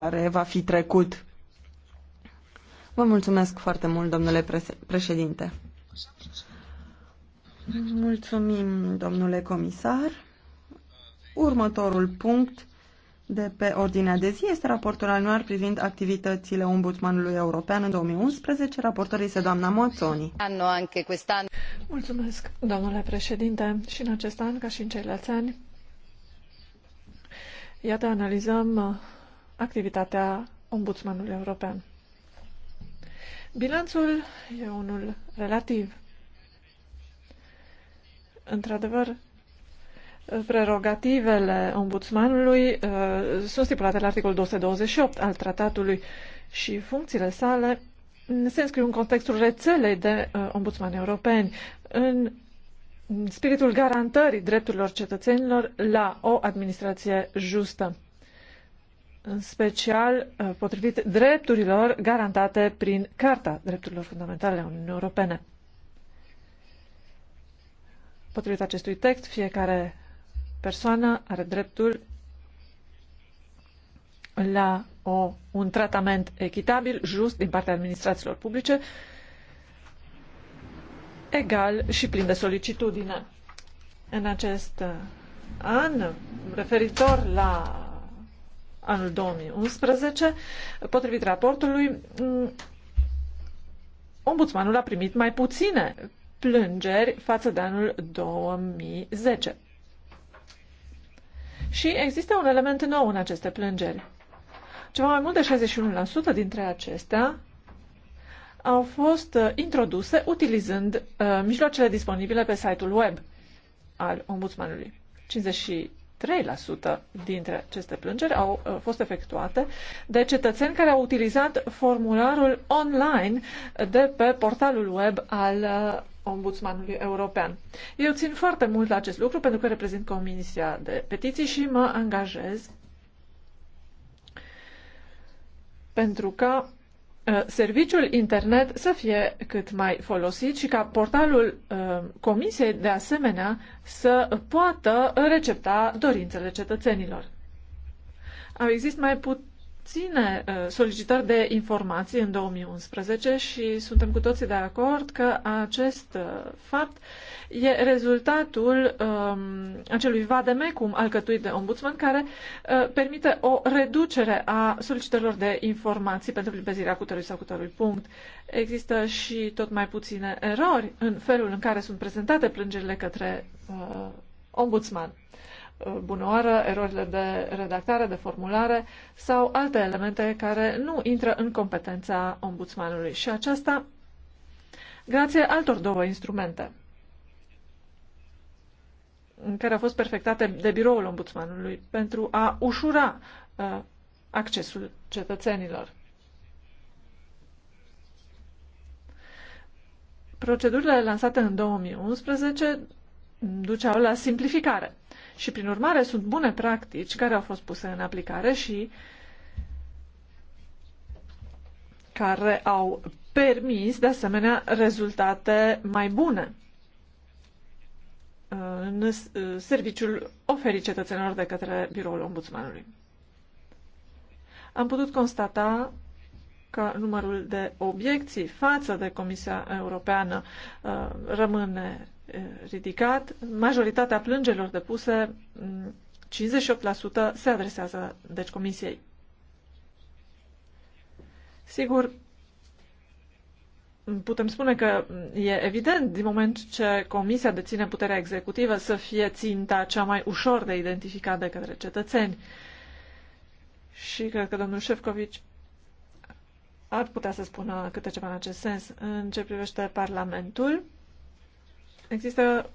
care va fi trecut. Vă mulțumesc foarte mult, domnule președinte. Mulțumim, domnule comisar. Următorul punct de pe ordinea de zi este raportul anual privind activitățile Ombudsmanului European în 2011. Raportorii se doamna Moțoni. Mulțumesc, domnule președinte. Și în acest an, ca și în ceilalți ani, iată, analizăm activitatea Ombudsmanului European. Bilanțul e unul relativ. Într-adevăr, prerogativele ombudsmanului uh, sunt stipulate la articolul 228 al tratatului și funcțiile sale se înscriu în contextul rețelei de uh, ombudsmani europeni, în spiritul garantării drepturilor cetățenilor la o administrație justă în special uh, potrivit drepturilor garantate prin Carta Drepturilor Fundamentale a Uniunii Europene. Potrivit acestui text, fiecare persoană are dreptul la o, un tratament echitabil, just din partea administrațiilor publice, egal și plin de solicitudine. În acest uh, an, referitor la anul 2011. Potrivit raportului, ombudsmanul a primit mai puține plângeri față de anul 2010. Și există un element nou în aceste plângeri. Ceva mai mult de 61% dintre acestea au fost uh, introduse utilizând uh, mijloacele disponibile pe site-ul web al ombudsmanului. 3% dintre aceste plângeri au uh, fost efectuate de cetățeni care au utilizat formularul online de pe portalul web al uh, Ombudsmanului European. Eu țin foarte mult la acest lucru pentru că reprezint Comisia de Petiții și mă angajez pentru ca Uh, serviciul internet să fie cât mai folosit și ca portalul uh, comisiei de asemenea să poată recepta dorințele cetățenilor. Au existat mai puține uh, solicitări de informații în 2011 și suntem cu toții de acord că acest fapt e rezultatul um, acelui vademecum alcătuit de ombudsman care uh, permite o reducere a solicitărilor de informații pentru limpezirea cutărui sau cutărui punct. Există și tot mai puține erori în felul în care sunt prezentate plângerile către uh, ombudsman. Uh, bună oară, erorile de redactare, de formulare sau alte elemente care nu intră în competența ombudsmanului. Și aceasta grație altor două instrumente care au fost perfectate de biroul ombudsmanului pentru a ușura uh, accesul cetățenilor. Procedurile lansate în 2011 duceau la simplificare și, prin urmare, sunt bune practici care au fost puse în aplicare și care au permis, de asemenea, rezultate mai bune în uh, serviciul oferit cetățenilor de către biroul ombudsmanului. Am putut constata că numărul de obiecții față de Comisia Europeană uh, rămâne uh, ridicat. Majoritatea plângerilor depuse, 58%, mm, se adresează deci Comisiei. Sigur, putem spune că e evident, din moment ce Comisia deține puterea executivă, să fie ținta cea mai ușor de identificat de către cetățeni. Și cred că domnul Șefcovici ar putea să spună câte ceva în acest sens. În ce privește Parlamentul, există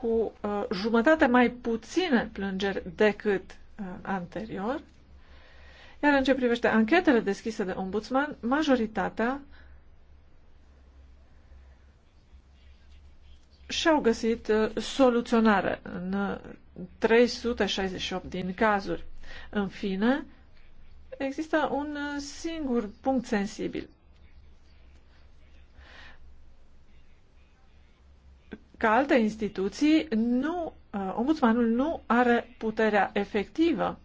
cu uh, jumătate mai puține plângeri decât uh, anterior, iar în ce privește anchetele deschise de ombudsman, majoritatea și-au găsit uh, soluționare în 368 uh, din cazuri. În fine, există un uh, singur punct sensibil. Ca alte instituții, nu, ombudsmanul nu are puterea efectivă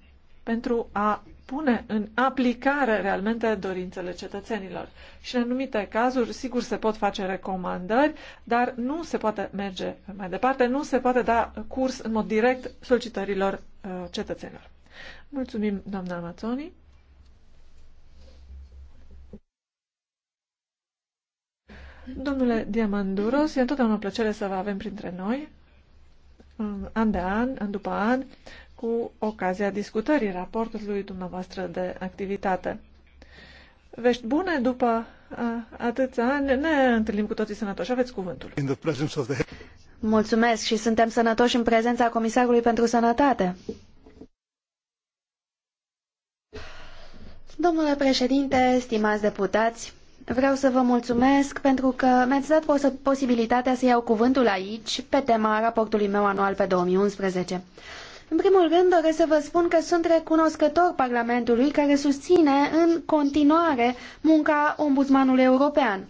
pentru a pune în aplicare realmente dorințele cetățenilor. Și în anumite cazuri, sigur, se pot face recomandări, dar nu se poate merge mai departe, nu se poate da curs în mod direct solicitărilor uh, cetățenilor. Mulțumim, doamna Amazoni, Domnule Diamanduros, e întotdeauna o plăcere să vă avem printre noi, an de an, an după an cu ocazia discutării raportului dumneavoastră de activitate. Vești bune după atâția ani. Ne întâlnim cu toții sănătoși. Aveți cuvântul. Mulțumesc și suntem sănătoși în prezența Comisarului pentru Sănătate. Domnule președinte, stimați deputați, vreau să vă mulțumesc pentru că mi-ați dat pos posibilitatea să iau cuvântul aici pe tema raportului meu anual pe 2011. În primul rând, doresc să vă spun că sunt recunoscător Parlamentului care susține în continuare munca Ombudsmanului European.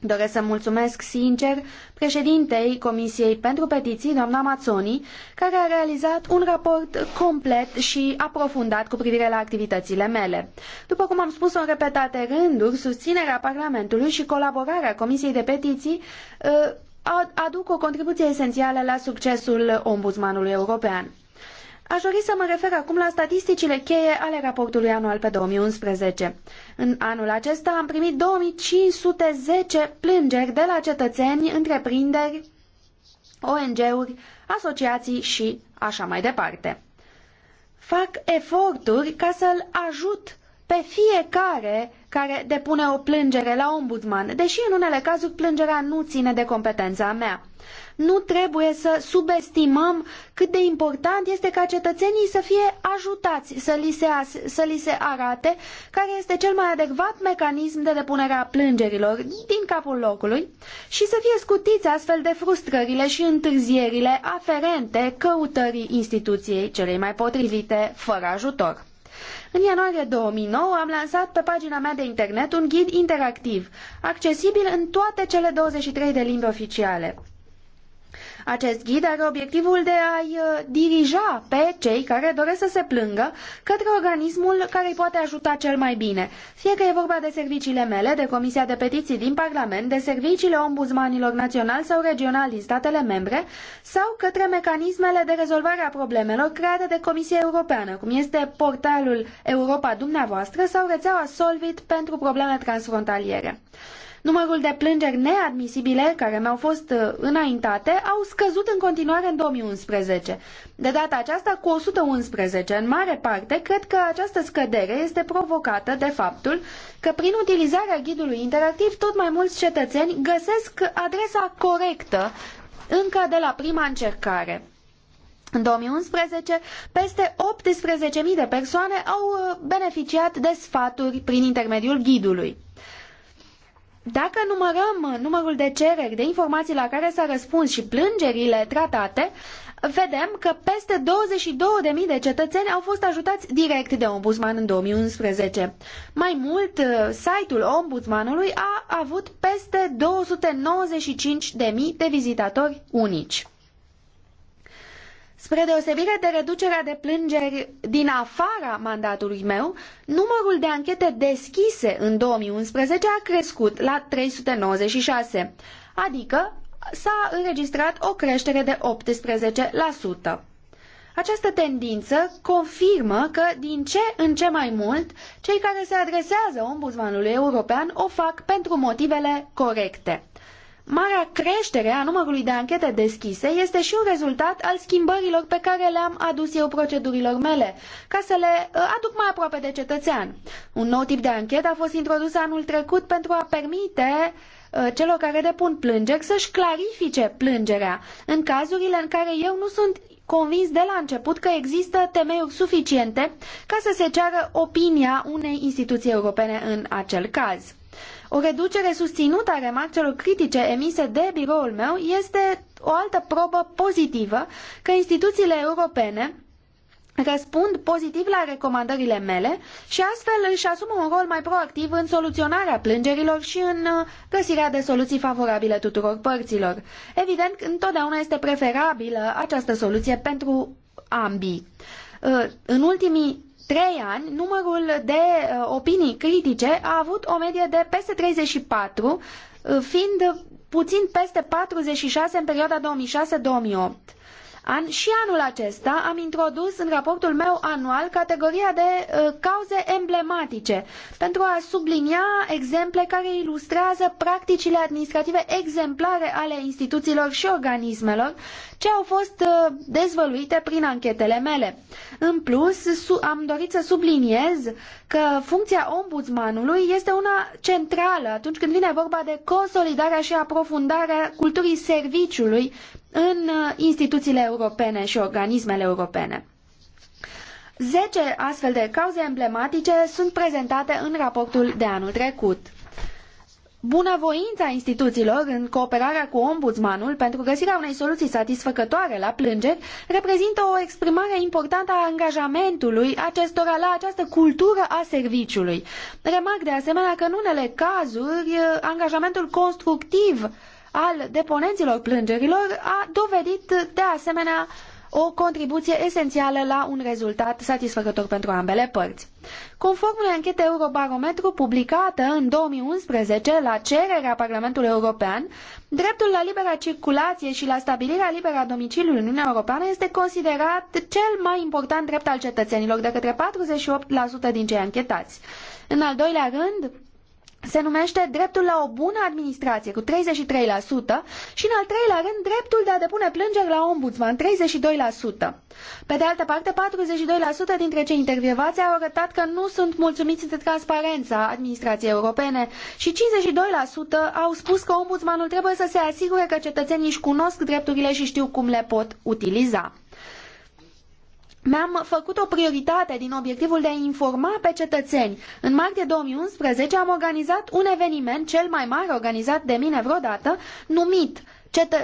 Doresc să mulțumesc sincer președintei Comisiei pentru Petiții, doamna Mazzoni, care a realizat un raport complet și aprofundat cu privire la activitățile mele. După cum am spus în repetate rânduri, susținerea Parlamentului și colaborarea Comisiei de Petiții uh, aduc o contribuție esențială la succesul Ombudsmanului European. Aș dori să mă refer acum la statisticile cheie ale raportului anual pe 2011. În anul acesta am primit 2510 plângeri de la cetățeni, întreprinderi, ONG-uri, asociații și așa mai departe. Fac eforturi ca să-l ajut pe fiecare care depune o plângere la ombudsman, deși în unele cazuri plângerea nu ține de competența mea nu trebuie să subestimăm cât de important este ca cetățenii să fie ajutați, să li se, să li se arate care este cel mai adecvat mecanism de depunere a plângerilor din capul locului și să fie scutiți astfel de frustrările și întârzierile aferente căutării instituției celei mai potrivite fără ajutor. În ianuarie 2009 am lansat pe pagina mea de internet un ghid interactiv, accesibil în toate cele 23 de limbi oficiale. Acest ghid are obiectivul de a-i uh, dirija pe cei care doresc să se plângă către organismul care îi poate ajuta cel mai bine, fie că e vorba de serviciile mele, de Comisia de Petiții din Parlament, de serviciile ombudsmanilor național sau regional din statele membre, sau către mecanismele de rezolvare a problemelor create de Comisia Europeană, cum este portalul Europa dumneavoastră sau rețeaua Solvit pentru probleme transfrontaliere. Numărul de plângeri neadmisibile care mi-au fost uh, înaintate au scăzut în continuare în 2011. De data aceasta cu 111. În mare parte, cred că această scădere este provocată de faptul că prin utilizarea ghidului interactiv tot mai mulți cetățeni găsesc adresa corectă încă de la prima încercare. În 2011, peste 18.000 de persoane au uh, beneficiat de sfaturi prin intermediul ghidului. Dacă numărăm uh, numărul de cereri de informații la care s-a răspuns și plângerile tratate, vedem că peste 22.000 de cetățeni au fost ajutați direct de ombudsman în 2011. Mai mult, uh, site-ul ombudsmanului a avut peste 295.000 de vizitatori unici. Spre deosebire de reducerea de plângeri din afara mandatului meu, numărul de anchete deschise în 2011 a crescut la 396, adică s-a înregistrat o creștere de 18%. Această tendință confirmă că, din ce în ce mai mult, cei care se adresează ombudsmanului european o fac pentru motivele corecte. Marea creștere a numărului de anchete deschise este și un rezultat al schimbărilor pe care le-am adus eu procedurilor mele, ca să le uh, aduc mai aproape de cetățean. Un nou tip de anchetă a fost introdus anul trecut pentru a permite uh, celor care depun plângeri să-și clarifice plângerea în cazurile în care eu nu sunt convins de la început că există temeiuri suficiente ca să se ceară opinia unei instituții europene în acel caz. O reducere susținută a remarcelor critice emise de biroul meu este o altă probă pozitivă că instituțiile europene răspund pozitiv la recomandările mele și astfel își asumă un rol mai proactiv în soluționarea plângerilor și în uh, găsirea de soluții favorabile tuturor părților. Evident, întotdeauna este preferabilă această soluție pentru ambii. Uh, în ultimii trei ani, numărul de uh, opinii critice a avut o medie de peste 34, uh, fiind puțin peste 46 în perioada 2006-2008. An și anul acesta am introdus în raportul meu anual categoria de uh, cauze emblematice pentru a sublinia exemple care ilustrează practicile administrative exemplare ale instituțiilor și organismelor ce au fost uh, dezvăluite prin anchetele mele. În plus, am dorit să subliniez că funcția ombudsmanului este una centrală atunci când vine vorba de consolidarea și aprofundarea culturii serviciului în uh, instituțiile europene și organismele europene. Zece astfel de cauze emblematice sunt prezentate în raportul de anul trecut bunăvoința instituțiilor în cooperarea cu ombudsmanul pentru găsirea unei soluții satisfăcătoare la plângeri reprezintă o exprimare importantă a angajamentului acestora la această cultură a serviciului. Remarc de asemenea că în unele cazuri angajamentul constructiv al deponenților plângerilor a dovedit de asemenea o contribuție esențială la un rezultat satisfăcător pentru ambele părți. Conform unei anchete Eurobarometru publicată în 2011 la cererea Parlamentului European, dreptul la libera circulație și la stabilirea liberă a domiciliului în Uniunea Europeană este considerat cel mai important drept al cetățenilor de către 48% din cei anchetați. În al doilea rând, se numește dreptul la o bună administrație cu 33% și în al treilea rând dreptul de a depune plângeri la ombudsman 32%. Pe de altă parte, 42% dintre cei intervievați au arătat că nu sunt mulțumiți de transparența administrației europene și 52% au spus că ombudsmanul trebuie să se asigure că cetățenii își cunosc drepturile și știu cum le pot utiliza mi-am făcut o prioritate din obiectivul de a informa pe cetățeni. În martie 2011 am organizat un eveniment, cel mai mare organizat de mine vreodată, numit Cetă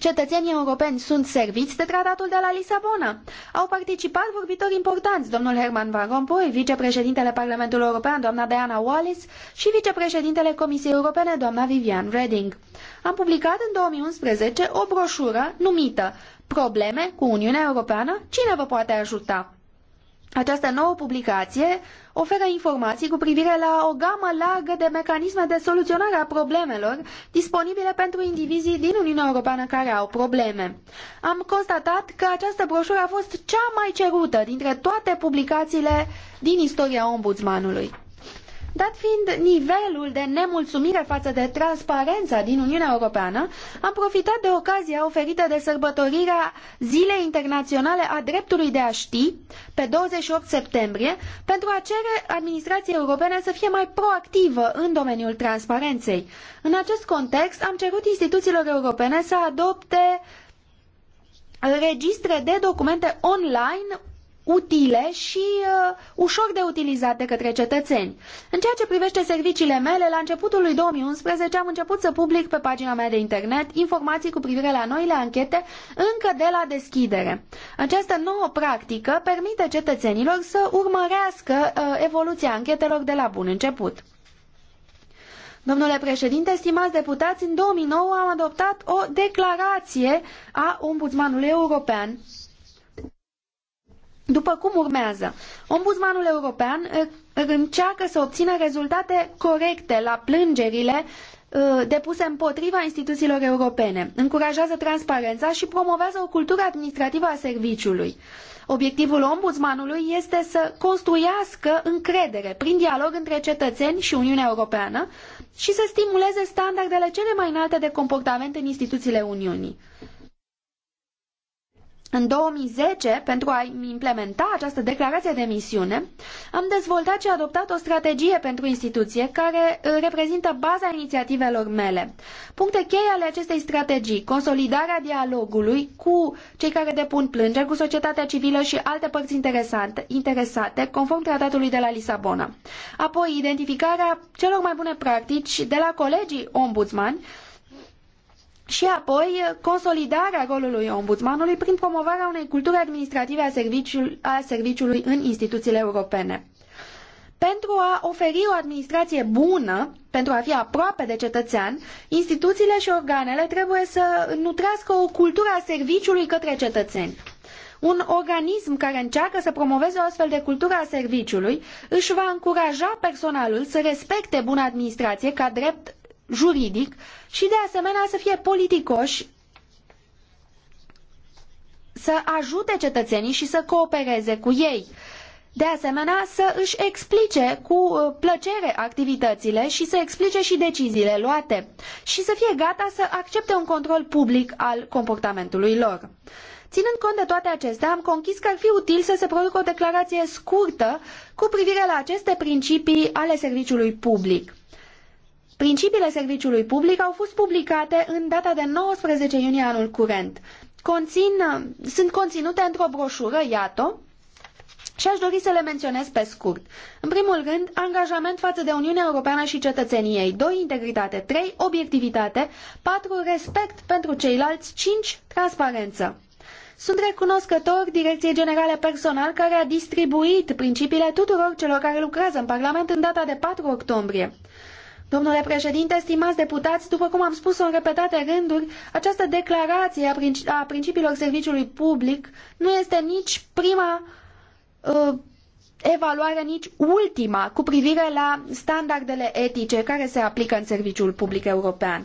Cetățenii europeni sunt serviți de tratatul de la Lisabona. Au participat vorbitori importanți, domnul Herman Van Rompuy, vicepreședintele Parlamentului European, doamna Diana Wallis și vicepreședintele Comisiei Europene, doamna Viviane Reding. Am publicat în 2011 o broșură numită probleme cu Uniunea Europeană, cine vă poate ajuta? Această nouă publicație oferă informații cu privire la o gamă largă de mecanisme de soluționare a problemelor disponibile pentru indivizii din Uniunea Europeană care au probleme. Am constatat că această broșură a fost cea mai cerută dintre toate publicațiile din istoria ombudsmanului. Dat fiind nivelul de nemulțumire față de transparența din Uniunea Europeană, am profitat de ocazia oferită de sărbătorirea Zilei Internaționale a Dreptului de a Ști, pe 28 septembrie, pentru a cere administrației europene să fie mai proactivă în domeniul transparenței. În acest context, am cerut instituțiilor europene să adopte registre de documente online utile și uh, ușor de utilizat de către cetățeni. În ceea ce privește serviciile mele, la începutul lui 2011 am început să public pe pagina mea de internet informații cu privire la noile anchete încă de la deschidere. Această nouă practică permite cetățenilor să urmărească uh, evoluția anchetelor de la bun început. Domnule președinte, stimați deputați, în 2009 am adoptat o declarație a Ombudsmanului European după cum urmează, ombudsmanul european eh, eh, încearcă să obțină rezultate corecte la plângerile eh, depuse împotriva instituțiilor europene, încurajează transparența și promovează o cultură administrativă a serviciului. Obiectivul ombudsmanului este să construiască încredere prin dialog între cetățeni și Uniunea Europeană și să stimuleze standardele cele mai înalte de comportament în instituțiile Uniunii. În 2010, pentru a implementa această declarație de misiune, am dezvoltat și adoptat o strategie pentru instituție care uh, reprezintă baza inițiativelor mele. Puncte cheie ale acestei strategii, consolidarea dialogului cu cei care depun plângeri, cu societatea civilă și alte părți interesate, conform tratatului de la Lisabona. Apoi, identificarea celor mai bune practici de la colegii ombudsmani, și apoi consolidarea rolului ombudsmanului prin promovarea unei culturi administrative a, serviciul, a serviciului în instituțiile europene. Pentru a oferi o administrație bună, pentru a fi aproape de cetățean, instituțiile și organele trebuie să nutrească o cultură a serviciului către cetățeni. Un organism care încearcă să promoveze o astfel de cultură a serviciului își va încuraja personalul să respecte buna administrație ca drept juridic și de asemenea să fie politicoși să ajute cetățenii și să coopereze cu ei. De asemenea, să își explice cu uh, plăcere activitățile și să explice și deciziile luate și să fie gata să accepte un control public al comportamentului lor. Ținând cont de toate acestea, am conchis că ar fi util să se producă o declarație scurtă cu privire la aceste principii ale serviciului public. Principiile serviciului public au fost publicate în data de 19 iunie anul curent. Conțin, sunt conținute într-o broșură, iată, și aș dori să le menționez pe scurt. În primul rând, angajament față de Uniunea Europeană și cetățeniei. 2. Integritate. 3. Obiectivitate. 4. Respect pentru ceilalți. 5. Transparență. Sunt recunoscător Direcției Generale Personal care a distribuit principiile tuturor celor care lucrează în Parlament în data de 4 octombrie. Domnule președinte, stimați deputați, după cum am spus-o în repetate rânduri, această declarație a, principi a principiilor serviciului public nu este nici prima uh, evaluare, nici ultima cu privire la standardele etice care se aplică în serviciul public european.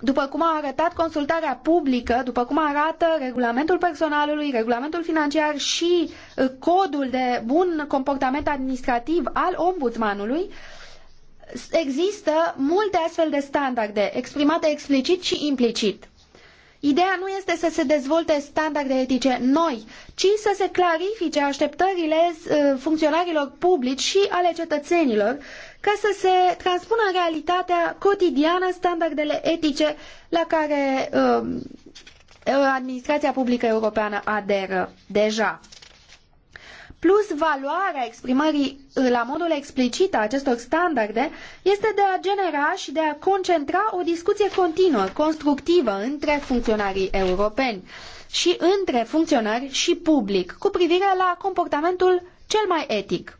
După cum a arătat consultarea publică, după cum arată regulamentul personalului, regulamentul financiar și uh, codul de bun comportament administrativ al ombudsmanului, uh, există multe astfel de standarde, exprimate explicit și implicit. Ideea nu este să se dezvolte standarde etice noi, ci să se clarifice așteptările uh, funcționarilor publici și ale cetățenilor, ca să se transpună în realitatea cotidiană standardele etice la care uh, administrația publică europeană aderă deja plus valoarea exprimării la modul explicit a acestor standarde este de a genera și de a concentra o discuție continuă, constructivă între funcționarii europeni și între funcționari și public cu privire la comportamentul cel mai etic.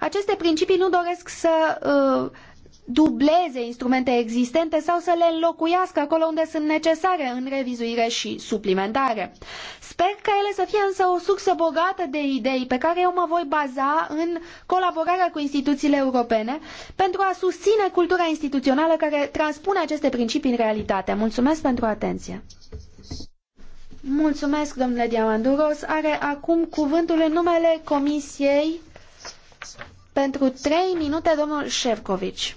Aceste principii nu doresc să uh, dubleze instrumente existente sau să le înlocuiască acolo unde sunt necesare în revizuire și suplimentare. Sper ca ele să fie însă o sursă bogată de idei pe care eu mă voi baza în colaborarea cu instituțiile europene pentru a susține cultura instituțională care transpune aceste principii în realitate. Mulțumesc pentru atenție! Mulțumesc, domnule Diamanduros. Are acum cuvântul în numele Comisiei pentru 3 minute, domnul Șefcovici.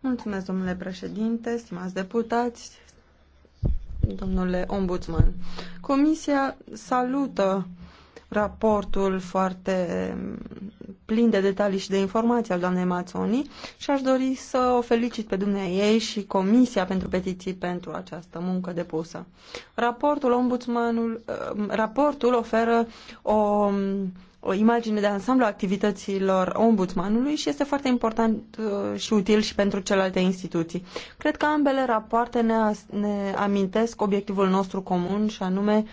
Mulțumesc, domnule președinte, stimați deputați, domnule ombudsman. Comisia salută raportul foarte plin de detalii și de informații al doamnei Mazzoni și aș dori să o felicit pe ei și Comisia pentru Petiții pentru această muncă depusă. Raportul, ombudsmanul, eh, raportul oferă o o imagine de ansamblu a activităților ombudsmanului și este foarte important uh, și util și pentru celelalte instituții. Cred că ambele rapoarte ne, ne amintesc obiectivul nostru comun și anume uh,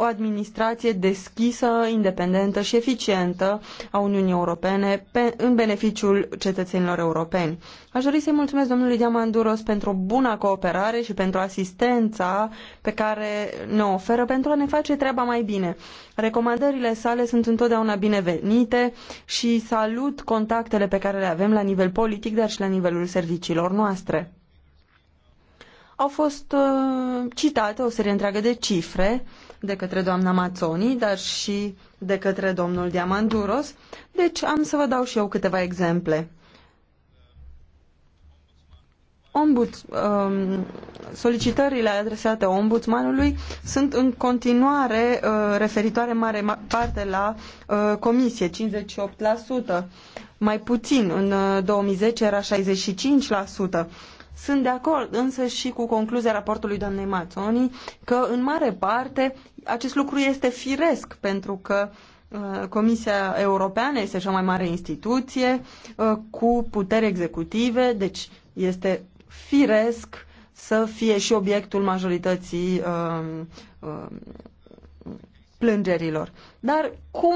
o administraie deschisă, independentă i eficientă a Uniunii Europene pe, în beneficiul cetăenilor europeni. a dori să-i mulumesc domnului Diamanduros pentru buna cooperare i pentru asistena pe care ne oferă pentru a ne face treaba mai bine. Recomandările sale sunt întotdeauna binevenite i salut contactele pe care le avem la nivel politic, dar i la nivelul serviciilor noastre au fost uh, citate o serie întreagă de cifre de către doamna Mazzoni, dar și de către domnul Diamanduros, deci am să vă dau și eu câteva exemple. Ombud, um, solicitările adresate ombudsmanului sunt în continuare uh, referitoare în mare parte la uh, comisie, 58%, mai puțin, în uh, 2010 era 65%. Sunt de acord însă și cu concluzia raportului doamnei Mazzoni că în mare parte acest lucru este firesc pentru că uh, Comisia Europeană este cea mai mare instituție uh, cu puteri executive, deci este firesc să fie și obiectul majorității uh, plângerilor. Dar cum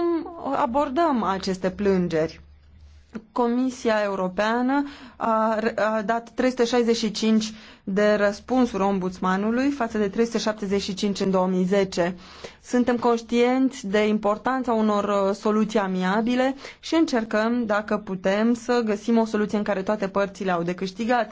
abordăm aceste plângeri? Comisia Europeană a, a dat 365 de răspunsuri ombudsmanului față de 375 în 2010. Suntem conștienți de importanța unor uh, soluții amiabile și încercăm, dacă putem, să găsim o soluție în care toate părțile au de câștigat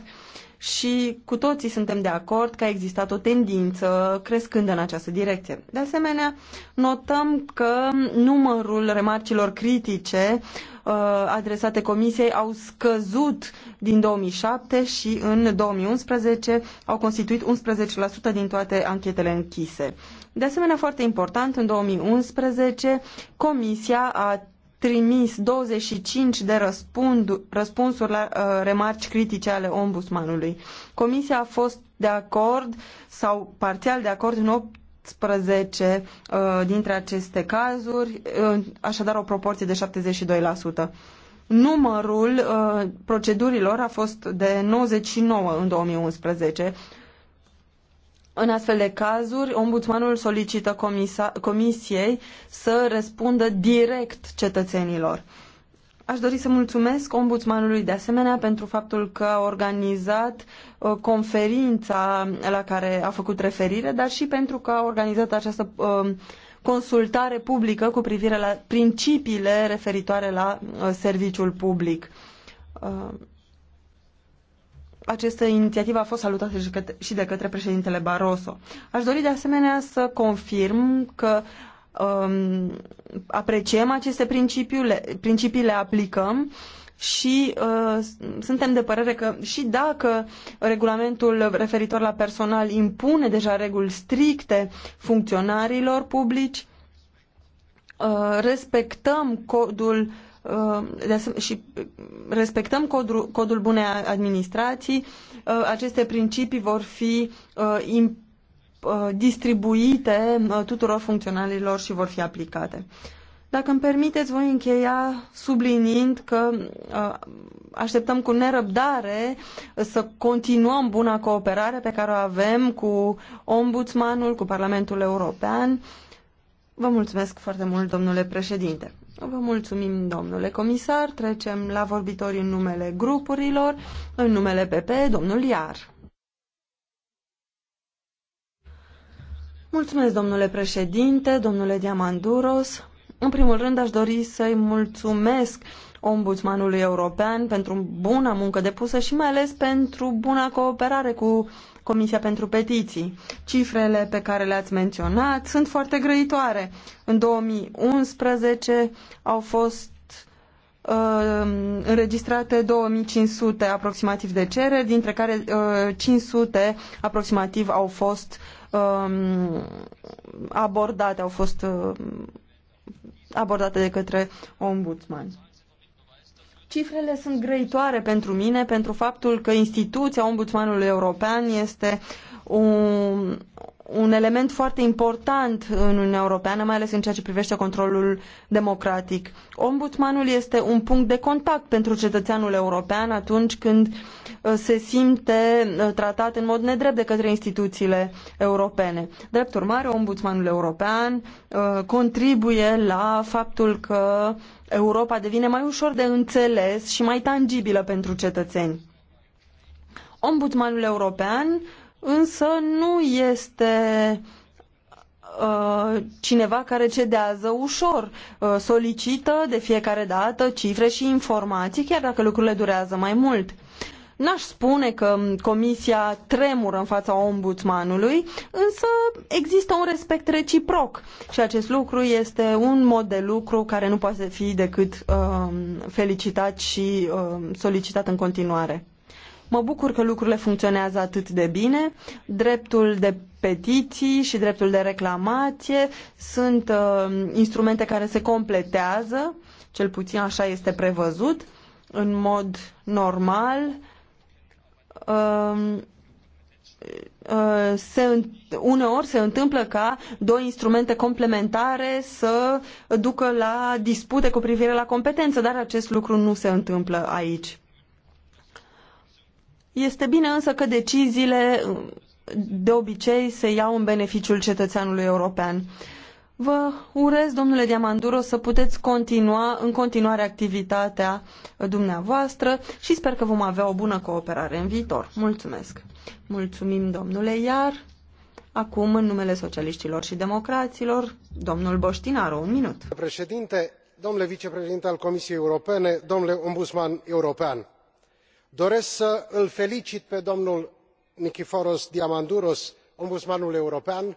și cu toții suntem de acord că a existat o tendință crescând în această direcție. De asemenea, notăm că numărul remarcilor critice uh, adresate Comisiei au scăzut din 2007 și în 2011 au constituit 11% din toate anchetele închise. De asemenea, foarte important, în 2011, Comisia a trimis 25 de răspunsuri la uh, remarci critice ale ombudsmanului. Comisia a fost de acord sau parțial de acord în 18 uh, dintre aceste cazuri, uh, așadar o proporție de 72%. Numărul uh, procedurilor a fost de 99 în 2011, în astfel de cazuri, ombudsmanul solicită comisa, comisiei să răspundă direct cetățenilor. Aș dori să mulțumesc ombudsmanului de asemenea pentru faptul că a organizat uh, conferința la care a făcut referire, dar și pentru că a organizat această uh, consultare publică cu privire la principiile referitoare la uh, serviciul public această inițiativă a fost salutată și de către președintele Barroso. Aș dori de asemenea să confirm că um, apreciem aceste principii, le, aplicăm și uh, suntem de părere că și dacă regulamentul referitor la personal impune deja reguli stricte funcționarilor publici, uh, respectăm codul uh, Uh, și uh, respectăm codul, codul bunei administrații, uh, aceste principii vor fi distribuite tuturor funcționalilor și vor fi aplicate. Dacă îmi permiteți, voi încheia subliniind că așteptăm cu nerăbdare să continuăm buna cooperare pe care o avem cu Ombudsmanul, cu Parlamentul European. Vă mulțumesc foarte mult, domnule președinte. Vă mulțumim, domnule comisar. Trecem la vorbitori în numele grupurilor. În numele PP, domnul Iar. Mulțumesc, domnule președinte, domnule Diamanduros. În primul rând, aș dori să-i mulțumesc ombudsmanului european pentru buna muncă depusă și mai ales pentru buna cooperare cu Comisia pentru Petiții. Cifrele pe care le-ați menționat sunt foarte grăitoare. În 2011 au fost uh, înregistrate 2500 aproximativ de cereri, dintre care uh, 500 aproximativ um, au fost uh, abordate, au fost abordate de către ombudsman. Cifrele sunt grăitoare pentru mine, pentru faptul că instituția Ombudsmanului European este un, un element foarte important în Uniunea Europeană, mai ales în ceea ce privește controlul democratic. Ombudsmanul este un punct de contact pentru cetățeanul european atunci când uh, se simte uh, tratat în mod nedrept de către instituțiile europene. Drept urmare, ombudsmanul european uh, contribuie la faptul că Europa devine mai ușor de înțeles și mai tangibilă pentru cetățeni. Ombudsmanul european însă nu este uh, cineva care cedează ușor, uh, solicită de fiecare dată cifre și informații, chiar dacă lucrurile durează mai mult. N-aș spune că Comisia tremură în fața ombudsmanului, însă există un respect reciproc și acest lucru este un mod de lucru care nu poate fi decât uh, felicitat și uh, solicitat în continuare. Mă bucur că lucrurile funcționează atât de bine. Dreptul de petiții și dreptul de reclamație sunt uh, instrumente care se completează, cel puțin așa este prevăzut, în mod normal. Um, uh, se, uneori se întâmplă ca două instrumente complementare să ducă la dispute cu privire la competență, dar acest lucru nu se întâmplă aici. Este bine însă că deciziile um, de obicei se iau în beneficiul cetățeanului european. Uh, Vă urez, domnule Diamanduro, să puteți continua în continuare activitatea dumneavoastră și sper că vom avea o bună cooperare în viitor. Mulțumesc! Mulțumim, domnule Iar. Acum, în numele socialiștilor și democraților, domnul Boștinaru, un minut. Președinte, domnule vicepreședinte al Comisiei Europene, domnule ombudsman european, doresc să îl felicit pe domnul Nikiforos Diamandouros, ombudsmanul european,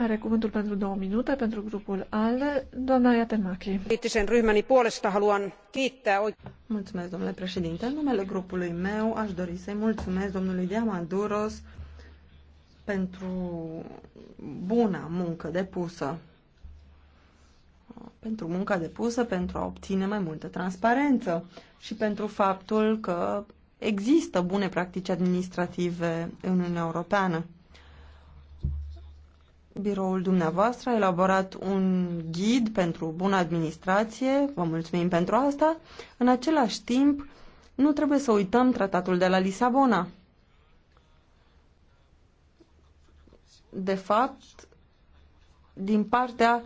Are cuvântul pentru două minute pentru grupul ALDE, doamna Iatemachi. Mulțumesc, domnule președinte. În numele grupului meu aș dori să-i mulțumesc domnului Diamanduros pentru buna muncă depusă. Pentru munca depusă, pentru a obține mai multă transparență și pentru faptul că există bune practici administrative în Uniunea Europeană biroul dumneavoastră a elaborat un ghid pentru bună administrație, vă mulțumim pentru asta. În același timp, nu trebuie să uităm tratatul de la Lisabona. De fapt, din partea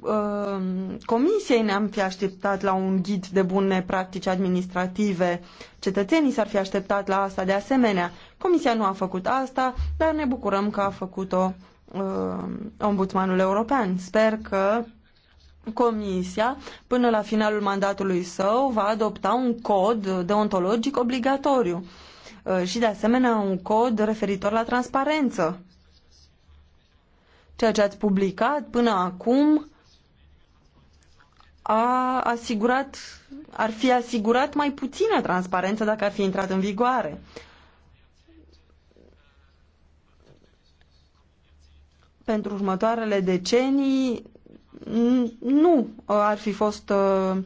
uh, Comisiei ne-am fi așteptat la un ghid de bune practici administrative. Cetățenii s-ar fi așteptat la asta de asemenea. Comisia nu a făcut asta, dar ne bucurăm că a făcut-o uh, ombudsmanul european. Sper că Comisia, până la finalul mandatului său, va adopta un cod deontologic obligatoriu uh, și, de asemenea, un cod referitor la transparență. Ceea ce ați publicat până acum a asigurat, ar fi asigurat mai puțină transparență dacă ar fi intrat în vigoare. pentru următoarele decenii nu uh, ar fi fost uh,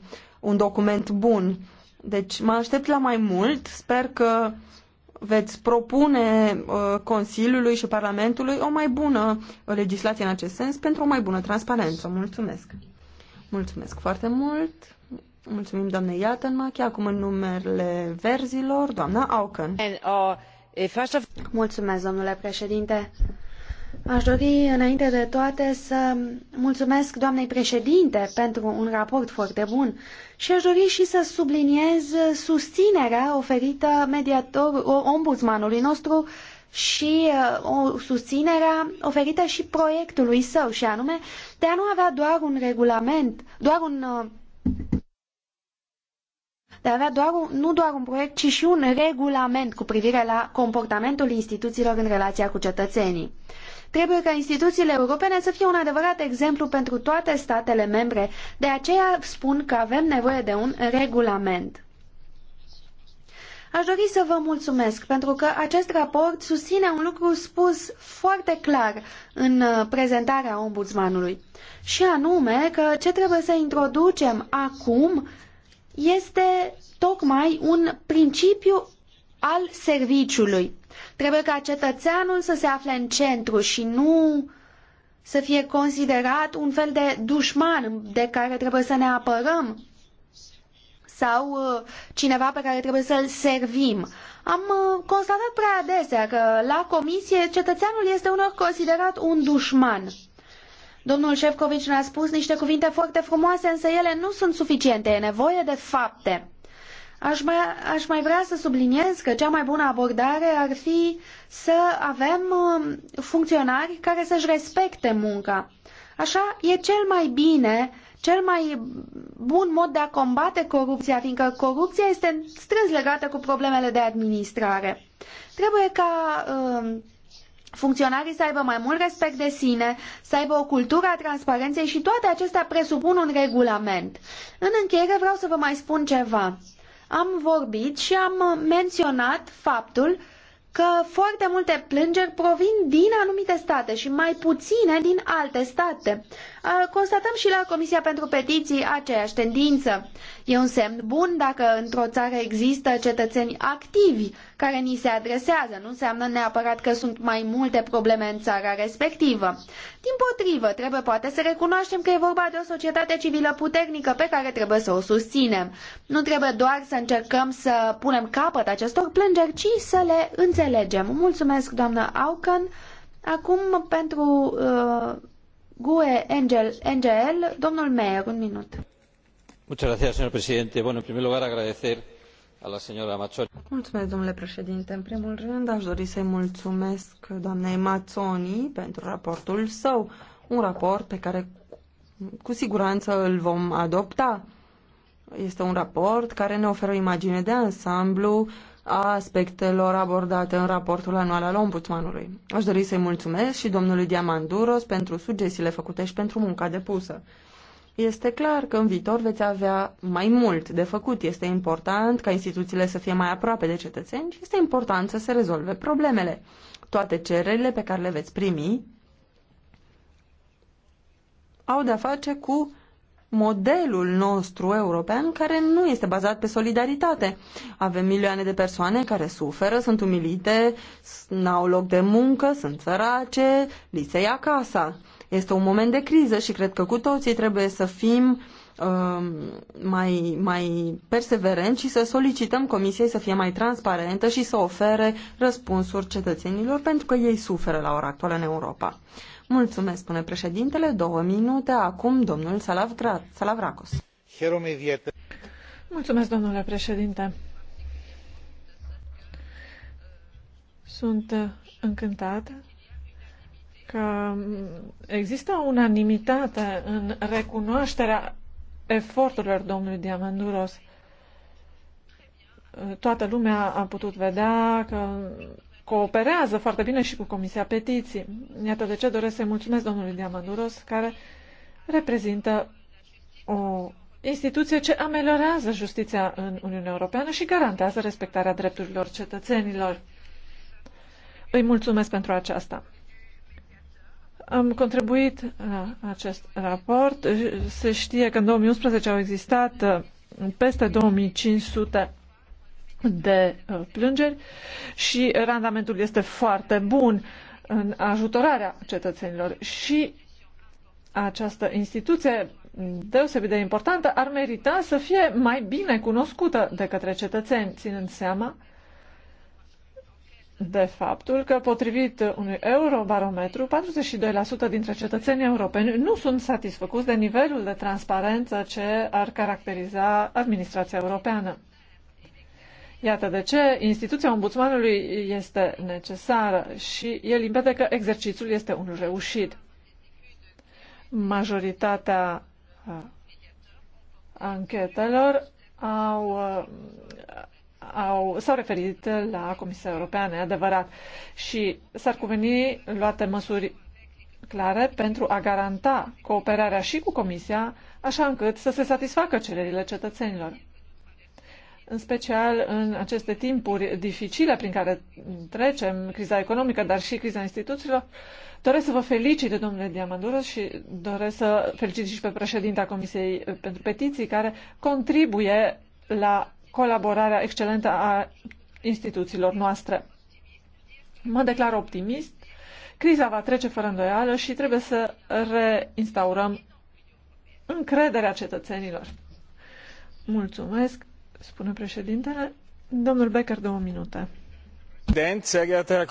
un document bun. Deci mă aștept la mai mult. Sper că veți propune uh, Consiliului și Parlamentului o mai bună legislație în acest sens pentru o mai bună transparență. Mulțumesc! Mulțumesc foarte mult! Mulțumim doamnei chiar acum în numerele verzilor, doamna Auken. Mulțumesc, domnule președinte. Aș dori, înainte de toate, să mulțumesc doamnei președinte pentru un raport foarte bun și aș dori și să subliniez susținerea oferită mediator, ombudsmanului nostru și uh, o oferită și proiectului său, și anume de a nu avea doar un regulament, doar un uh, de a avea doar un, nu doar un proiect, ci și un regulament cu privire la comportamentul instituțiilor în relația cu cetățenii. Trebuie ca instituțiile europene să fie un adevărat exemplu pentru toate statele membre. De aceea spun că avem nevoie de un regulament. Aș dori să vă mulțumesc pentru că acest raport susține un lucru spus foarte clar în uh, prezentarea ombudsmanului și anume că ce trebuie să introducem acum este tocmai un principiu al serviciului. Trebuie ca cetățeanul să se afle în centru și nu să fie considerat un fel de dușman de care trebuie să ne apărăm sau uh, cineva pe care trebuie să-l servim. Am uh, constatat prea adesea că la comisie cetățeanul este unor considerat un dușman. Domnul Șefcovici ne-a spus niște cuvinte foarte frumoase, însă ele nu sunt suficiente, e nevoie de fapte. Aș mai, aș mai vrea să subliniez că cea mai bună abordare ar fi să avem um, funcționari care să-și respecte munca. Așa e cel mai bine, cel mai bun mod de a combate corupția, fiindcă corupția este strâns legată cu problemele de administrare. Trebuie ca um, funcționarii să aibă mai mult respect de sine, să aibă o cultură a transparenței și toate acestea presupun un regulament. În încheiere vreau să vă mai spun ceva am vorbit și am menționat faptul că foarte multe plângeri provin din anumite state și mai puține din alte state constatăm și la Comisia pentru Petiții aceeași tendință. E un semn bun dacă într-o țară există cetățeni activi care ni se adresează. Nu înseamnă neapărat că sunt mai multe probleme în țara respectivă. Din potrivă, trebuie poate să recunoaștem că e vorba de o societate civilă puternică pe care trebuie să o susținem. Nu trebuie doar să încercăm să punem capăt acestor plângeri, ci să le înțelegem. Mulțumesc, doamnă Aucan. Acum, pentru uh, GUE Angel, NGL, domnul Meyer, un minut. Muchas gracias, señor presidente. Bueno, en primer lugar, agradecer a la señora Mazzoni. Mulțumesc, domnule președinte. În primul rând, aș dori să-i mulțumesc doamnei Mazzoni pentru raportul său, un raport pe care cu siguranță îl vom adopta. Este un raport care ne oferă o imagine de ansamblu a aspectelor abordate în raportul anual al ombudsmanului. Aș dori să-i mulțumesc și domnului Diamanduros pentru sugestiile făcute și pentru munca depusă. Este clar că în viitor veți avea mai mult de făcut. Este important ca instituțiile să fie mai aproape de cetățeni și este important să se rezolve problemele. Toate cererile pe care le veți primi au de-a face cu modelul nostru european care nu este bazat pe solidaritate. Avem milioane de persoane care suferă, sunt umilite, n-au loc de muncă, sunt sărace, li se ia casa. Este un moment de criză și cred că cu toții trebuie să fim uh, mai, mai perseverenți și să solicităm Comisiei să fie mai transparentă și să ofere răspunsuri cetățenilor pentru că ei suferă la ora actuală în Europa. Mulțumesc, spune președintele. Două minute. Acum domnul Salavgra Salavracos. Mulțumesc, domnule președinte. Sunt uh, încântată că există unanimitate în recunoașterea eforturilor domnului Diamanduros. Toată lumea a putut vedea că cooperează foarte bine și cu Comisia Petiții. Iată de ce doresc să-i mulțumesc domnului Diamanduros, care reprezintă o instituție ce ameliorează justiția în Uniunea Europeană și garantează respectarea drepturilor cetățenilor. Îi mulțumesc pentru aceasta. Am contribuit la acest raport. Se știe că în 2011 au existat peste 2500 de uh, plângeri și randamentul este foarte bun în ajutorarea cetățenilor și această instituție deosebit de importantă ar merita să fie mai bine cunoscută de către cetățeni, ținând seama de faptul că, potrivit unui eurobarometru, 42% dintre cetățenii europeni nu sunt satisfăcuți de nivelul de transparență ce ar caracteriza administrația europeană. Iată de ce instituția ombudsmanului este necesară și e limpede că exercițiul este unul reușit. Majoritatea anchetelor au, au, s-au referit la Comisia Europeană, e adevărat, și s-ar cuveni luate măsuri clare pentru a garanta cooperarea și cu Comisia, așa încât să se satisfacă cererile cetățenilor în special în aceste timpuri dificile prin care trecem, criza economică, dar și criza instituțiilor, doresc să vă felicit, domnule Diamanduros, și doresc să felicit și pe președinta Comisiei pentru Petiții, care contribuie la colaborarea excelentă a instituțiilor noastre. Mă declar optimist, criza va trece fără îndoială și trebuie să reinstaurăm încrederea cetățenilor. Mulțumesc! spune președintele. Domnul Becker, două minute.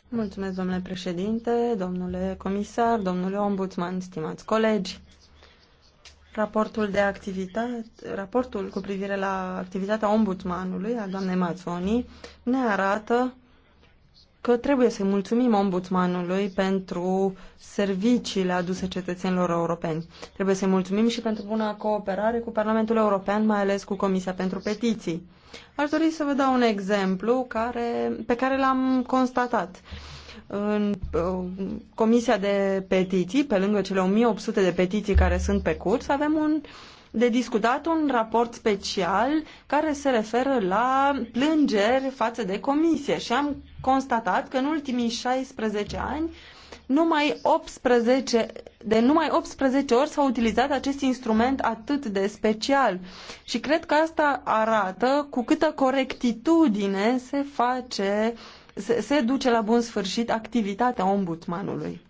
Mulțumesc, domnule președinte, domnule comisar, domnule ombudsman, stimați colegi. Raportul, de activitate, raportul cu privire la activitatea ombudsmanului, a doamnei Mazzoni, ne arată că trebuie să-i mulțumim ombudsmanului pentru serviciile aduse cetățenilor europeni. Trebuie să-i mulțumim și pentru buna cooperare cu Parlamentul European, mai ales cu Comisia pentru Petiții. Aș dori să vă dau un exemplu care, pe care l-am constatat. În uh, Comisia de Petiții, pe lângă cele 1800 de petiții care sunt pe curs, avem un de discutat un raport special care se referă la plângeri față de comisie și am constatat că în ultimii 16 ani numai 18, de numai 18 ori s-a utilizat acest instrument atât de special și cred că asta arată cu câtă corectitudine se face, se, se duce la bun sfârșit activitatea ombudsmanului.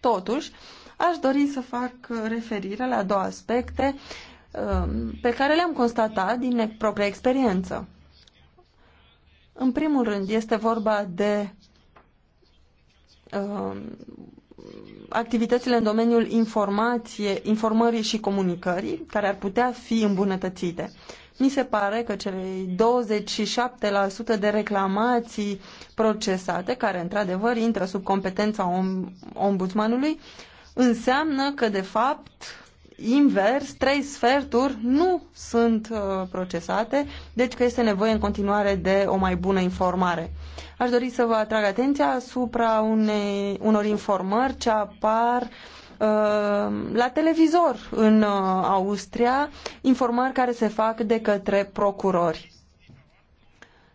Totuși, Aș dori să fac referire la două aspecte um, pe care le-am constatat din propria experiență. În primul rând, este vorba de um, activitățile în domeniul informație, informării și comunicării, care ar putea fi îmbunătățite. Mi se pare că cele 27% de reclamații procesate, care într-adevăr intră sub competența ombudsmanului, uh, înseamnă că, de fapt, invers, trei sferturi nu sunt uh, procesate, deci că este nevoie în continuare de o mai bună informare. Aș dori să vă atrag atenția asupra unei, unor informări ce apar uh, la televizor în uh, Austria, informări care se fac de către procurori.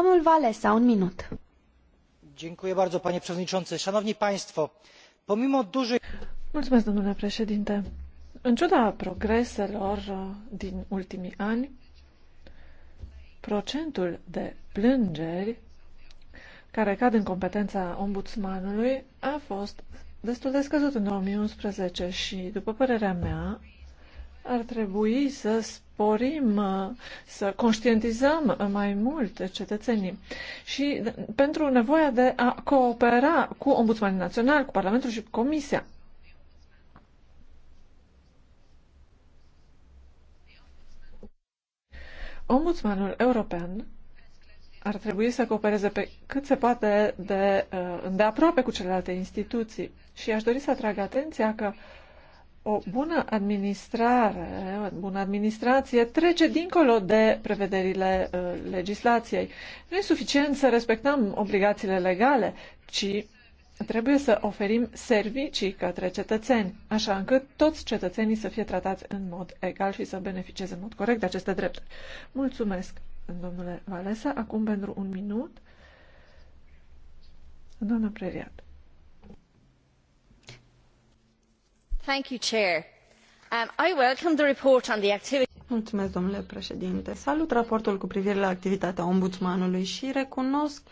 Domnul Valesa, un minut. Mulțumesc, domnule președinte. În ciuda progreselor din ultimii ani, procentul de plângeri care cad în competența ombudsmanului a fost destul de scăzut în 2011 și, după părerea mea, ar trebui să sporim, uh, să conștientizăm mai mult cetățenii și uh, pentru nevoia de a coopera cu Ombudsmanul Național, cu Parlamentul și cu Comisia. Ombudsmanul European ar trebui să coopereze pe cât se poate de, uh, de aproape cu celelalte instituții și aș dori să atrag atenția că o bună administrare, o bună administrație trece dincolo de prevederile uh, legislației. Nu e suficient să respectăm obligațiile legale, ci trebuie să oferim servicii către cetățeni, așa încât toți cetățenii să fie tratați în mod egal și să beneficieze în mod corect de aceste drepturi. Mulțumesc, domnule Valesa. Acum, pentru un minut, doamna Preriat. Um, Mulțumesc, domnule președinte. Salut raportul cu privire la activitatea ombudsmanului și recunosc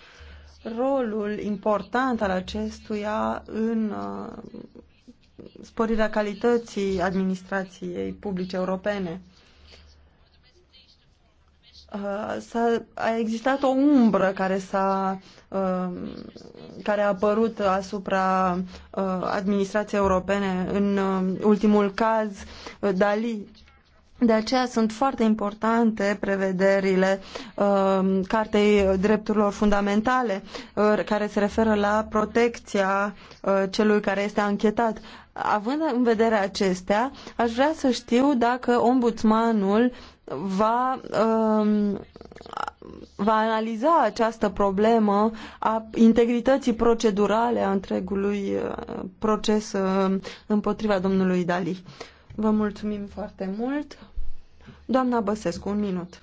rolul important al acestuia în uh, sporirea calității administrației publice europene. Uh, s-a, a existat o umbră care s-a uh, care a apărut asupra uh, administrației europene în ultimul caz Dali. De aceea sunt foarte importante prevederile uh, Cartei Drepturilor Fundamentale, uh, care se referă la protecția uh, celui care este anchetat. Având în vedere acestea, aș vrea să știu dacă ombudsmanul va, um, va analiza această problemă a integrității procedurale a întregului uh, proces uh, împotriva domnului Dali. Vă mulțumim foarte mult. Doamna Băsescu, un minut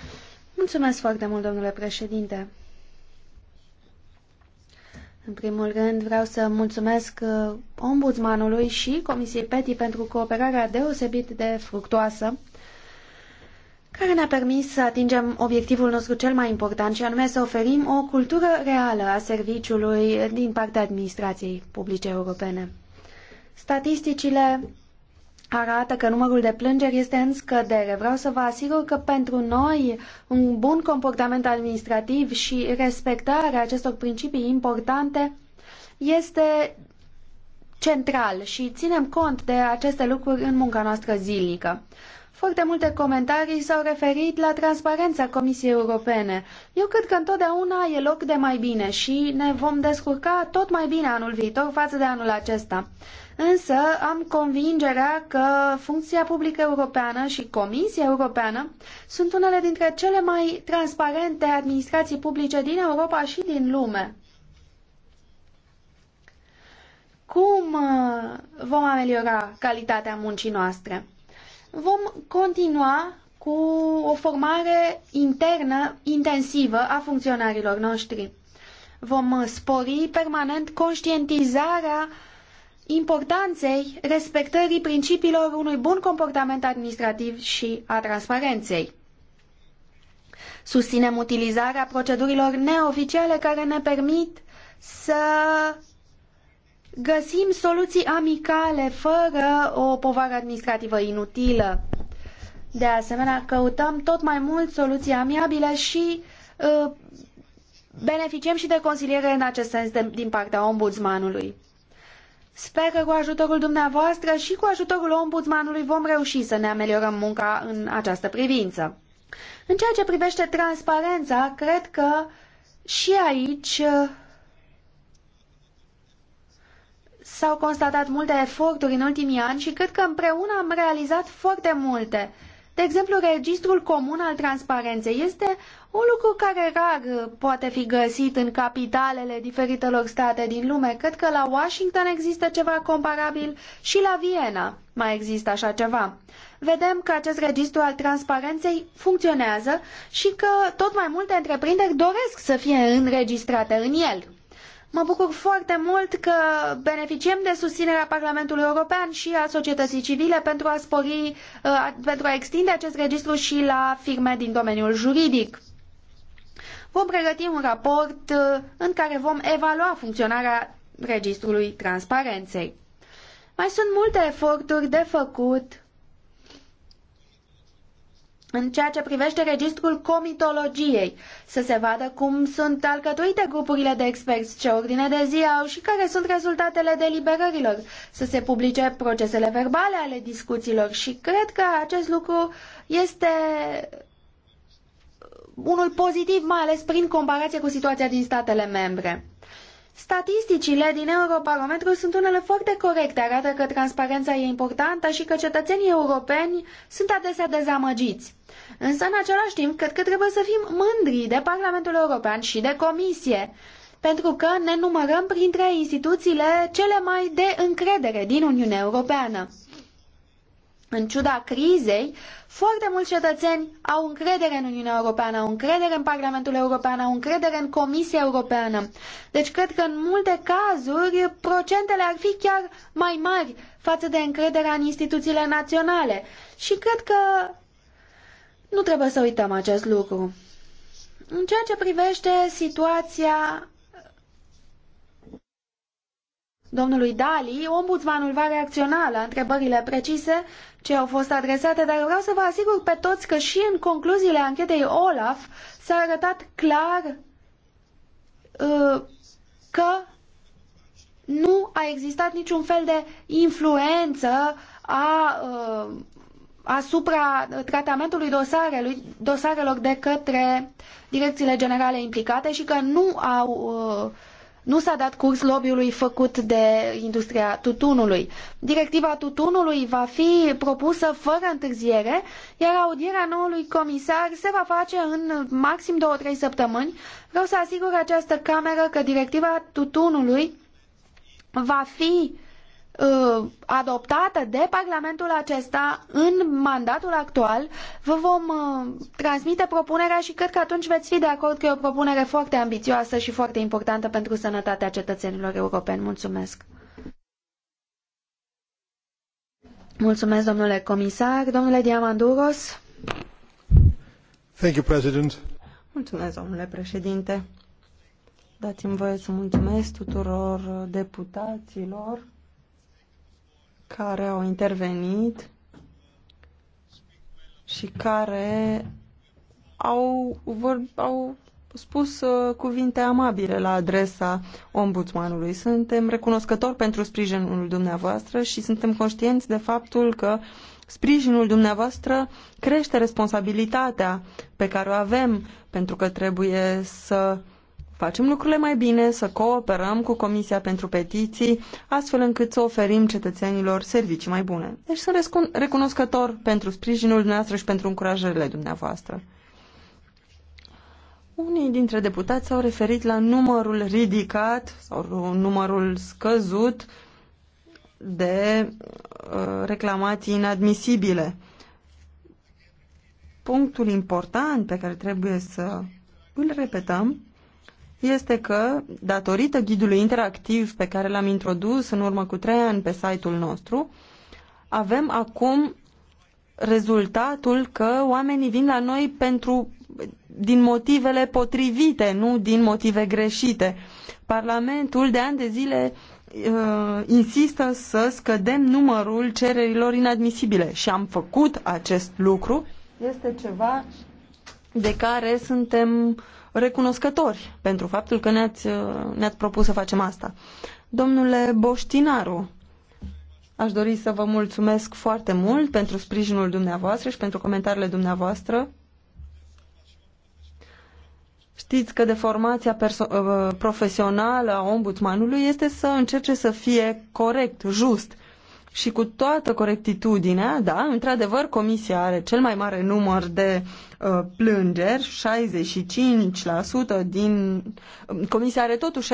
Mulțumesc foarte mult, domnule președinte. În primul rând vreau să mulțumesc uh, ombudsmanului și Comisiei PETI pentru cooperarea deosebit de fructoasă care ne-a permis să atingem obiectivul nostru cel mai important și anume să oferim o cultură reală a serviciului din partea administrației publice europene. Statisticile arată că numărul de plângeri este în scădere. Vreau să vă asigur că pentru noi un bun comportament administrativ și respectarea acestor principii importante este central și ținem cont de aceste lucruri în munca noastră zilnică. Foarte multe comentarii s-au referit la transparența Comisiei Europene. Eu cred că întotdeauna e loc de mai bine și ne vom descurca tot mai bine anul viitor față de anul acesta însă am convingerea că funcția publică europeană și Comisia Europeană sunt unele dintre cele mai transparente administrații publice din Europa și din lume. Cum uh, vom ameliora calitatea muncii noastre? Vom continua cu o formare internă intensivă a funcționarilor noștri. Vom uh, spori permanent conștientizarea uh, importanței respectării principiilor unui bun comportament administrativ și a transparenței. Susținem utilizarea procedurilor neoficiale care ne permit să găsim soluții amicale fără o povară administrativă inutilă. De asemenea, căutăm tot mai mult soluții amiabile și uh, beneficiem și de consiliere în acest sens de, din partea ombudsmanului. Sper că cu ajutorul dumneavoastră și cu ajutorul ombudsmanului vom reuși să ne ameliorăm munca în această privință. În ceea ce privește transparența, cred că și aici uh, s-au constatat multe eforturi în ultimii ani și cred că împreună am realizat foarte multe. De exemplu, Registrul Comun al Transparenței este un lucru care rar poate fi găsit în capitalele diferitelor state din lume. Cred că la Washington există ceva comparabil și la Viena mai există așa ceva. Vedem că acest registru al transparenței funcționează și că tot mai multe întreprinderi doresc să fie înregistrate în el. Mă bucur foarte mult că beneficiem de susținerea Parlamentului European și a societății civile pentru a spori, uh, pentru a extinde acest registru și la firme din domeniul juridic. Vom pregăti un raport uh, în care vom evalua funcționarea registrului transparenței. Mai sunt multe eforturi de făcut în ceea ce privește registrul comitologiei, să se vadă cum sunt alcătuite grupurile de experți, ce ordine de zi au și care sunt rezultatele deliberărilor, să se publice procesele verbale ale discuțiilor și cred că acest lucru este unul pozitiv, mai ales prin comparație cu situația din statele membre. Statisticile din Eurobarometru sunt unele foarte corecte, arată că transparența e importantă și că cetățenii europeni sunt adesea dezamăgiți. Însă, în același timp, cred că trebuie să fim mândri de Parlamentul European și de Comisie, pentru că ne numărăm printre instituțiile cele mai de încredere din Uniunea Europeană în ciuda crizei, foarte mulți cetățeni au încredere în Uniunea Europeană, au încredere în Parlamentul European, au încredere în Comisia Europeană. Deci cred că în multe cazuri procentele ar fi chiar mai mari față de încrederea în instituțiile naționale. Și cred că nu trebuie să uităm acest lucru. În ceea ce privește situația domnului Dali, ombudsmanul va reacționa la întrebările precise ce au fost adresate, dar vreau să vă asigur pe toți că și în concluziile anchetei Olaf s-a arătat clar uh, că nu a existat niciun fel de influență a, uh, asupra tratamentului dosarelui, dosarelor de către direcțiile generale implicate și că nu au uh, nu s-a dat curs lobby-ului făcut de industria tutunului. Directiva tutunului va fi propusă fără întârziere, iar audierea noului comisar se va face în maxim două-trei săptămâni. Vreau să asigur această cameră că directiva tutunului va fi uh, Uh, adoptată de Parlamentul acesta în mandatul actual, vă vom uh, transmite propunerea și cred că atunci veți fi de acord că e o propunere foarte ambițioasă și foarte importantă pentru sănătatea cetățenilor europeni. Mulțumesc! Mulțumesc, domnule comisar. Domnule Diamanduros. Thank you, President. Mulțumesc, domnule președinte. Dați-mi voie să mulțumesc tuturor deputaților care au intervenit și care au, vor, au spus uh, cuvinte amabile la adresa ombudsmanului. Suntem recunoscători pentru sprijinul dumneavoastră și suntem conștienți de faptul că sprijinul dumneavoastră crește responsabilitatea pe care o avem pentru că trebuie să facem lucrurile mai bine, să cooperăm cu Comisia pentru Petiții, astfel încât să oferim cetățenilor servicii mai bune. Deci sunt recunoscător pentru sprijinul dumneavoastră și pentru încurajările dumneavoastră. Unii dintre deputați s-au referit la numărul ridicat sau numărul scăzut de uh, reclamații inadmisibile. Punctul important pe care trebuie să îl repetăm este că, datorită ghidului interactiv pe care l-am introdus în urmă cu trei ani pe site-ul nostru, avem acum rezultatul că oamenii vin la noi pentru din motivele potrivite, nu din motive greșite. Parlamentul de ani de zile uh, insistă să scădem numărul cererilor inadmisibile și am făcut acest lucru. Este ceva de care suntem recunoscători pentru faptul că ne-ați uh, ne, -ați, propus să facem asta. Domnule Boștinaru, aș dori să vă mulțumesc foarte mult pentru sprijinul dumneavoastră și pentru comentariile dumneavoastră. Știți că deformația uh, profesională a ombudsmanului este să încerce să fie corect, just și cu toată corectitudinea, da, într-adevăr, Comisia are cel mai mare număr de uh, plângeri, 65% din... Um, comisia are totuși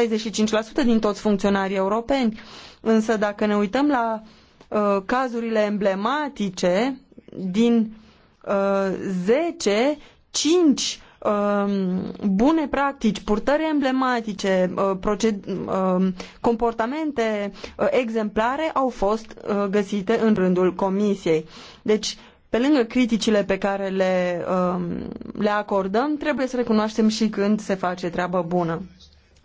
65% din toți funcționarii europeni, însă dacă ne uităm la uh, cazurile emblematice, din uh, 10, 5 Um, bune practici, purtări emblematice, uh, um, comportamente uh, exemplare au fost uh, găsite în rândul comisiei. Deci, pe lângă criticile pe care le, um, le acordăm, trebuie să recunoaștem și când se face treabă bună.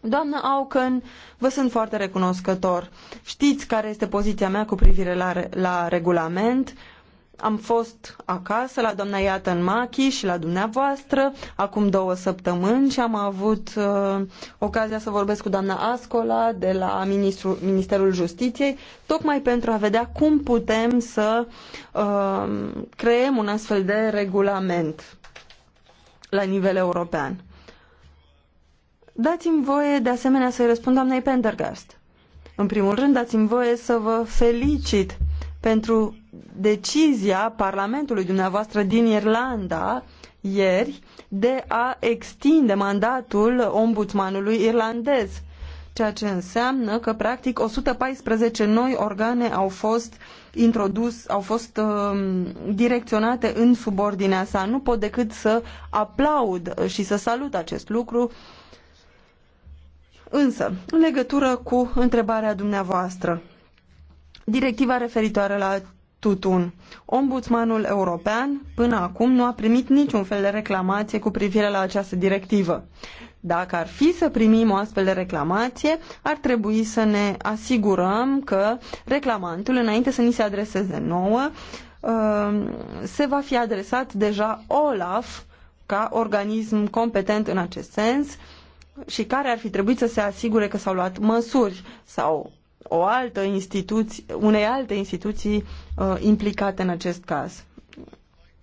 Doamnă Auken, vă sunt foarte recunoscător. Știți care este poziția mea cu privire la, la regulament. Uh, am fost acasă la doamna Iatan Machi și la dumneavoastră acum două săptămâni și am avut uh, ocazia să vorbesc cu doamna Ascola de la Ministru, Ministerul Justiției, tocmai pentru a vedea cum putem să uh, creăm un astfel de regulament la nivel european. Dați-mi voie de asemenea să-i răspund doamnei Pendergast. În primul rând, dați-mi voie să vă felicit pentru decizia Parlamentului dumneavoastră din Irlanda ieri de a extinde mandatul ombudsmanului irlandez, ceea ce înseamnă că practic 114 noi organe au fost introdus, au fost uh, direcționate în subordinea sa. Nu pot decât să aplaud și să salut acest lucru. Însă, în legătură cu întrebarea dumneavoastră, directiva referitoare la tutun. Ombudsmanul european până acum nu a primit niciun fel de reclamație cu privire la această directivă. Dacă ar fi să primim o astfel de reclamație, ar trebui să ne asigurăm că reclamantul, înainte să ni se adreseze nouă, uh, se va fi adresat deja OLAF ca organism competent în acest sens și care ar fi trebuit să se asigure că s-au luat măsuri sau o altă instituție, unei alte instituții uh, implicate în acest caz.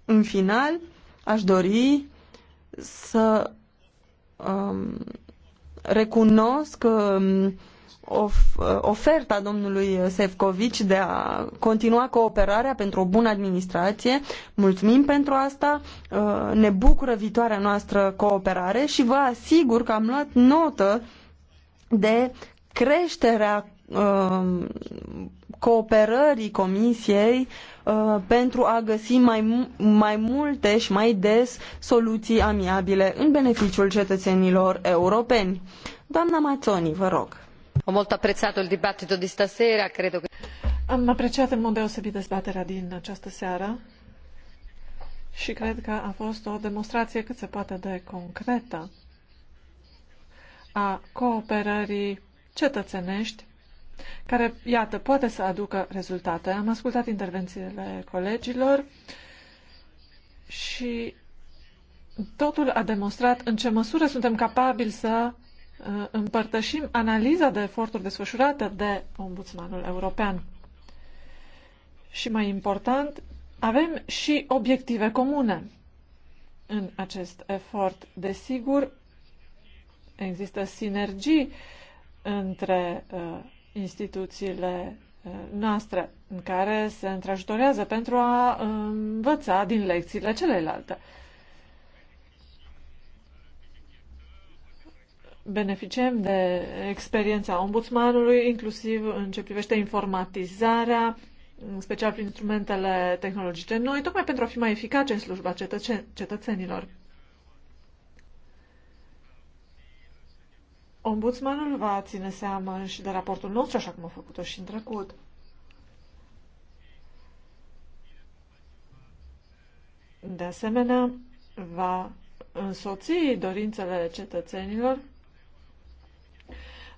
În final, aș dori să um, recunosc um, of, uh, oferta domnului Sefcovici de a continua cooperarea pentru o bună administrație. Mulțumim pentru asta, uh, ne bucură viitoarea noastră cooperare și vă asigur că am luat notă de creșterea Um, cooperării Comisiei uh, pentru a găsi mai, mai multe și mai des soluții amiabile în beneficiul cetățenilor europeni. Doamna Mazzoni, vă rog. Am mult apreciat il dibattito stasera, credo che... Am apreciat în mod deosebit dezbaterea din această seară și cred că a fost o demonstrație cât se poate de concretă a cooperării cetățenești care, iată, poate să aducă rezultate. Am ascultat intervențiile colegilor și totul a demonstrat în ce măsură suntem capabili să uh, împărtășim analiza de eforturi desfășurate de Ombudsmanul European. Și mai important, avem și obiective comune în acest efort. Desigur, există sinergii între uh, instituțiile uh, noastre în care se întrajutorează pentru a uh, învăța din lecțiile celelalte. Beneficiem de experiența ombudsmanului, inclusiv în ce privește informatizarea, în special prin instrumentele tehnologice noi, tocmai pentru a fi mai eficace în slujba cetățenilor. Ombudsmanul va ține seama și de raportul nostru, așa cum a făcut-o și în trecut. De asemenea, va însoți dorințele cetățenilor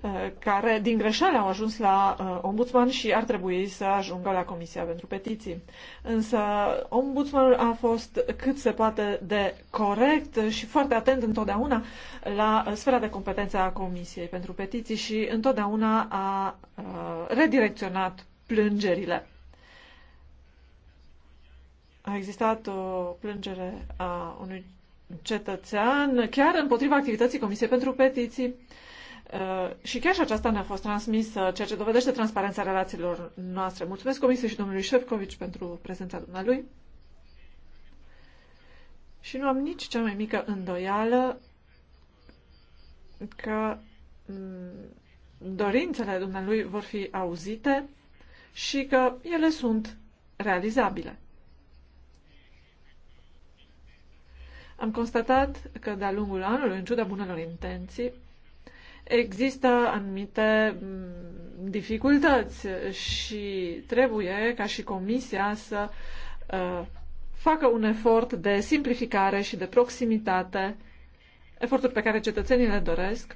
Eh, care din greșeală au ajuns la eh, ombudsman și ar trebui să ajungă la Comisia pentru Petiții. Însă ombudsmanul a fost cât se poate de corect și foarte atent întotdeauna la eh, sfera de competență a Comisiei pentru Petiții și întotdeauna a redirecționat plângerile. A existat o plângere a unui cetățean chiar împotriva activității Comisiei pentru Petiții Uh, și chiar și aceasta ne-a fost transmisă, ceea ce dovedește transparența relațiilor noastre. Mulțumesc Comisiei și domnului Șefcovici pentru prezența dumnealui. Și nu am nici cea mai mică îndoială că mm, dorințele dumnealui vor fi auzite și că ele sunt realizabile. Am constatat că de-a lungul anului, în ciuda bunelor intenții, există anumite mm, dificultăți și trebuie ca și Comisia să uh, facă un efort de simplificare și de proximitate, eforturi pe care cetățenii le doresc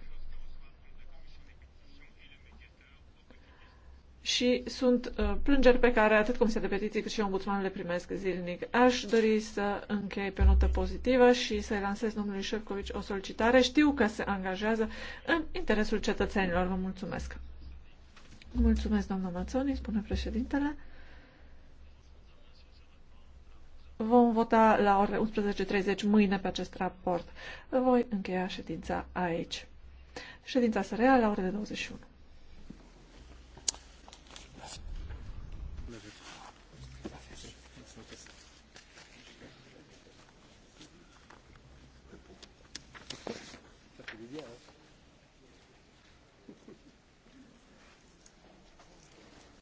și sunt uh, plângeri pe care atât Comisia de Petiții cât și Ombudsmanul le primesc zilnic. Aș dori să închei pe notă pozitivă și să-i lansez domnului Șefcovici o solicitare. Știu că se angajează în interesul cetățenilor. Vă mulțumesc. Mulțumesc, domnul Mazzoni, spune președintele. Vom vota la ore 11.30 mâine pe acest raport. Voi încheia ședința aici. Ședința se rea la ore de 21.